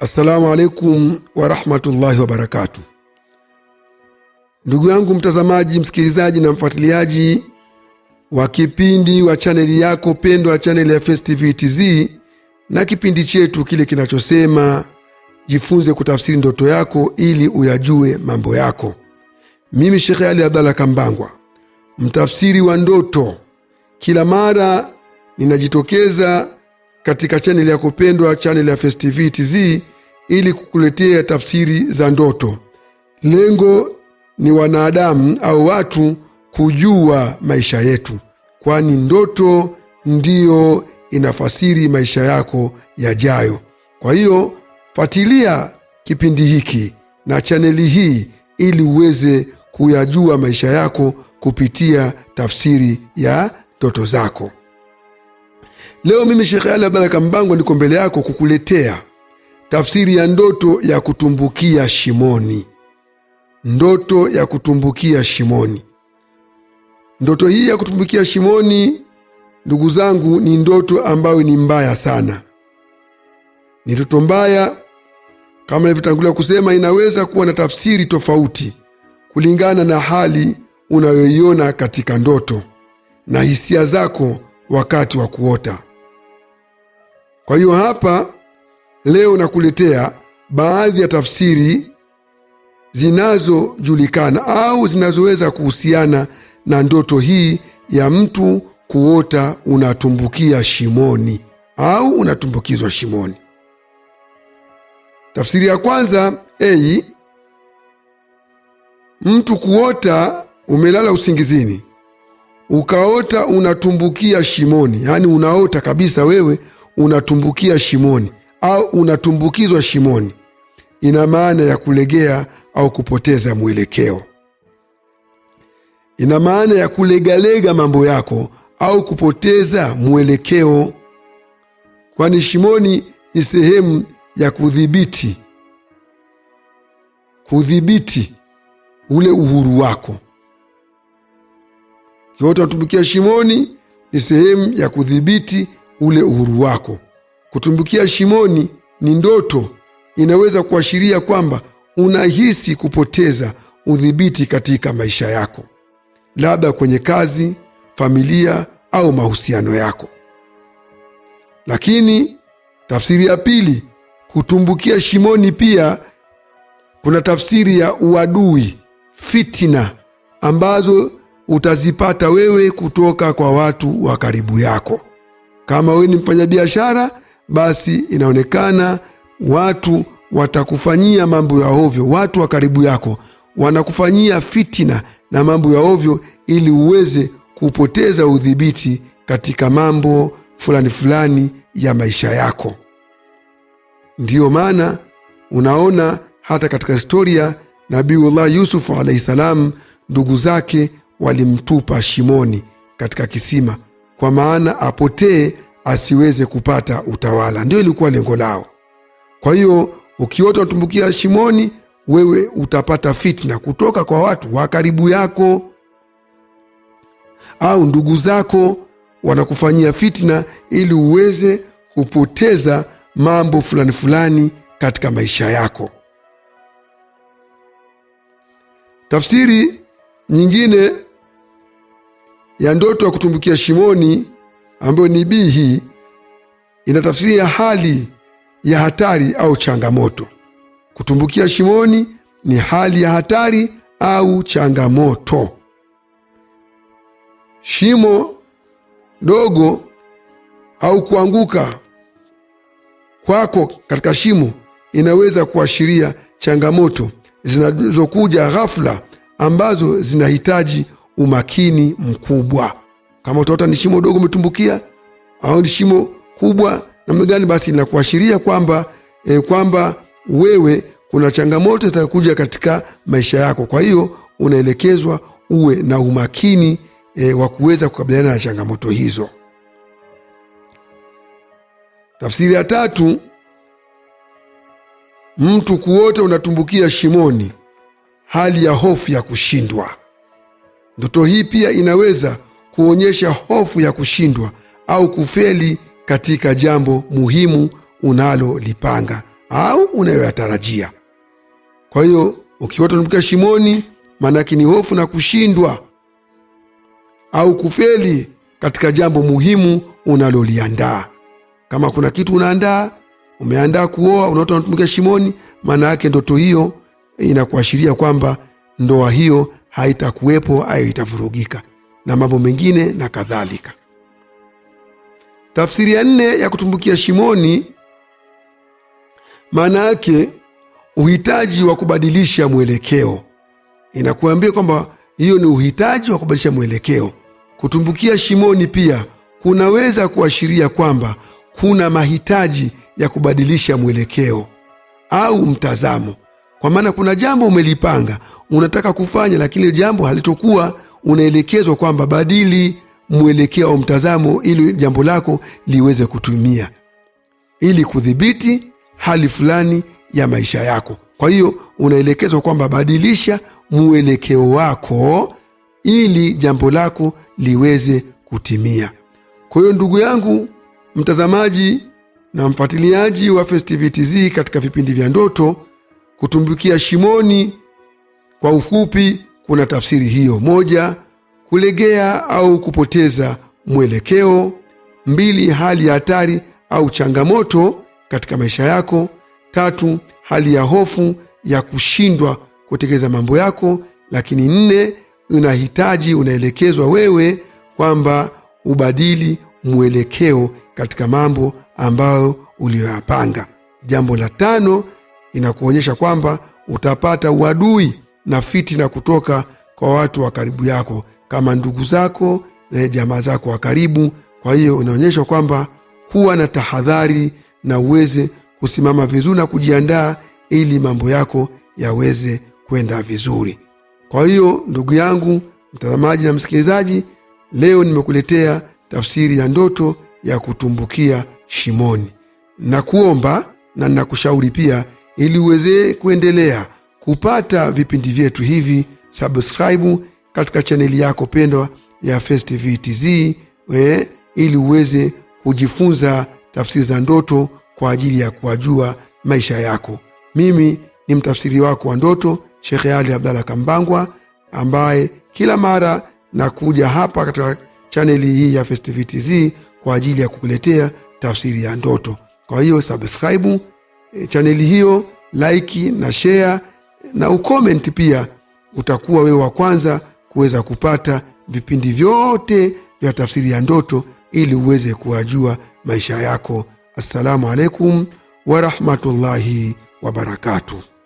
Assalamu alaikum warahmatullahi wabarakatu. Ndugu yangu mtazamaji, msikilizaji na mfuatiliaji wa kipindi wa chaneli yako pendwa, chaneli ya Face TV TZ, na kipindi chetu kile kinachosema jifunze kutafsiri ndoto yako ili uyajue mambo yako. Mimi Shekhe Ali Abdalla Kambangwa, mtafsiri wa ndoto. Kila mara ninajitokeza katika chaneli ya kupendwa, chaneli ya Face TV TZ, ili kukuletea tafsiri za ndoto. Lengo ni wanadamu au watu kujua maisha yetu, kwani ndoto ndiyo inafasiri maisha yako yajayo. Kwa hiyo fuatilia kipindi hiki na chaneli hii ili uweze kuyajua maisha yako kupitia tafsiri ya ndoto zako. Leo mimi Shekhe Ali Baraka Mbango niko mbele yako kukuletea tafsiri ya ndoto ya kutumbukia shimoni. Ndoto ya kutumbukia shimoni. Ndoto hii ya kutumbukia shimoni, ndugu zangu, ni ndoto ambayo ni mbaya sana. Ni ndoto mbaya, kama nilivyotangulia kusema, inaweza kuwa na tafsiri tofauti kulingana na hali unayoiona katika ndoto na hisia zako wakati wa kuota. Kwa hiyo hapa leo nakuletea baadhi ya tafsiri zinazojulikana au zinazoweza kuhusiana na ndoto hii ya mtu kuota unatumbukia shimoni au unatumbukizwa shimoni. Tafsiri ya kwanza ei, mtu kuota umelala usingizini ukaota unatumbukia shimoni, yaani unaota kabisa wewe unatumbukia shimoni au unatumbukizwa shimoni, ina maana ya kulegea au kupoteza mwelekeo. Ina maana ya kulegalega mambo yako au kupoteza mwelekeo, kwani shimoni ni sehemu ya kudhibiti, kudhibiti ule uhuru wako yote unatumbukia shimoni ni sehemu ya kudhibiti ule uhuru wako. Kutumbukia shimoni ni ndoto, inaweza kuashiria kwamba unahisi kupoteza udhibiti katika maisha yako, labda kwenye kazi, familia au mahusiano yako. Lakini tafsiri ya pili, kutumbukia shimoni pia kuna tafsiri ya uadui, fitina ambazo utazipata wewe kutoka kwa watu wa karibu yako. Kama wewe ni mfanyabiashara, basi inaonekana watu watakufanyia mambo ya ovyo. Watu wa karibu yako wanakufanyia fitina na mambo ya ovyo, ili uweze kupoteza udhibiti katika mambo fulani fulani ya maisha yako. Ndiyo maana unaona hata katika historia Nabiullah yusufu alaihi salam, ndugu zake walimtupa shimoni katika kisima, kwa maana apotee asiweze kupata utawala. Ndio ilikuwa lengo lao. Kwa hiyo ukiota unatumbukia shimoni, wewe utapata fitna kutoka kwa watu wa karibu yako au ndugu zako, wanakufanyia fitna ili uweze kupoteza mambo fulani fulani katika maisha yako. Tafsiri nyingine ya ndoto ya kutumbukia shimoni ambayo ni bii hii inatafsiria hali ya hatari au changamoto. Kutumbukia shimoni ni hali ya hatari au changamoto. Shimo dogo au kuanguka kwako katika shimo inaweza kuashiria changamoto zinazokuja ghafla ambazo zinahitaji umakini mkubwa. Kama utaota ni shimo dogo umetumbukia au ni shimo kubwa namna gani, basi inakuashiria kwamba e, kwamba wewe kuna changamoto zitakuja katika maisha yako. Kwa hiyo unaelekezwa uwe na umakini e, wa kuweza kukabiliana na changamoto hizo. Tafsiri ya tatu, mtu kuota unatumbukia shimoni, hali ya hofu ya kushindwa. Ndoto hii pia inaweza kuonyesha hofu ya kushindwa au kufeli katika jambo muhimu unalolipanga au unayoyatarajia. Kwa hiyo ukiota unatumbukia shimoni, maanake ni hofu na kushindwa au kufeli katika jambo muhimu unaloliandaa. Kama kuna kitu unaandaa, umeandaa kuoa, unaota unatumbukia shimoni, maana yake ndoto hiyo inakuashiria kwamba ndoa hiyo haitakuwepo au itavurugika na mambo mengine na kadhalika. Tafsiri ya nne ya kutumbukia shimoni, maana yake uhitaji wa kubadilisha mwelekeo. Inakuambia kwamba hiyo ni uhitaji wa kubadilisha mwelekeo. Kutumbukia shimoni pia kunaweza kuashiria kwamba kuna mahitaji ya kubadilisha mwelekeo au mtazamo. Kwa maana kuna jambo umelipanga unataka kufanya, lakini jambo halitokuwa, unaelekezwa kwamba badili mwelekeo au mtazamo ili jambo lako liweze kutumia ili kudhibiti hali fulani ya maisha yako. Kwa hiyo unaelekezwa kwamba badilisha mwelekeo wako ili jambo lako liweze kutimia. Kwa hiyo ndugu yangu mtazamaji na mfuatiliaji wa festivitz katika vipindi vya ndoto kutumbukia shimoni, kwa ufupi, kuna tafsiri hiyo: moja, kulegea au kupoteza mwelekeo; mbili, hali ya hatari au changamoto katika maisha yako; tatu, hali ya hofu ya kushindwa kutekeleza mambo yako. Lakini nne, unahitaji unaelekezwa wewe kwamba ubadili mwelekeo katika mambo ambayo uliyoyapanga. Jambo la tano inakuonyesha kwamba utapata uadui na fitina kutoka kwa watu wa karibu yako kama ndugu zako na jamaa zako wa karibu. Kwa hiyo inaonyesha kwamba kuwa na tahadhari na uweze kusimama vizuri na kujiandaa ili mambo yako yaweze kwenda vizuri. Kwa hiyo ndugu yangu mtazamaji na msikilizaji, leo nimekuletea tafsiri ya ndoto ya kutumbukia shimoni. Nakuomba na nakushauri pia ili uweze kuendelea kupata vipindi vyetu hivi, subscribe katika chaneli yako pendwa ya First TV TZ we, eh, ili uweze kujifunza tafsiri za ndoto kwa ajili ya kuwajua maisha yako. Mimi ni mtafsiri wako wa ndoto Shekhe Ali abdalla Kambangwa ambaye kila mara nakuja hapa katika chaneli hii ya First TV TZ kwa ajili ya kukuletea tafsiri ya ndoto. Kwa hiyo subscribe e, eh, chaneli hiyo, like na share na ukomenti pia, utakuwa wewe wa kwanza kuweza kupata vipindi vyote vya tafsiri ya ndoto ili uweze kuwajua maisha yako. Assalamu alaikum warahmatullahi wabarakatuh.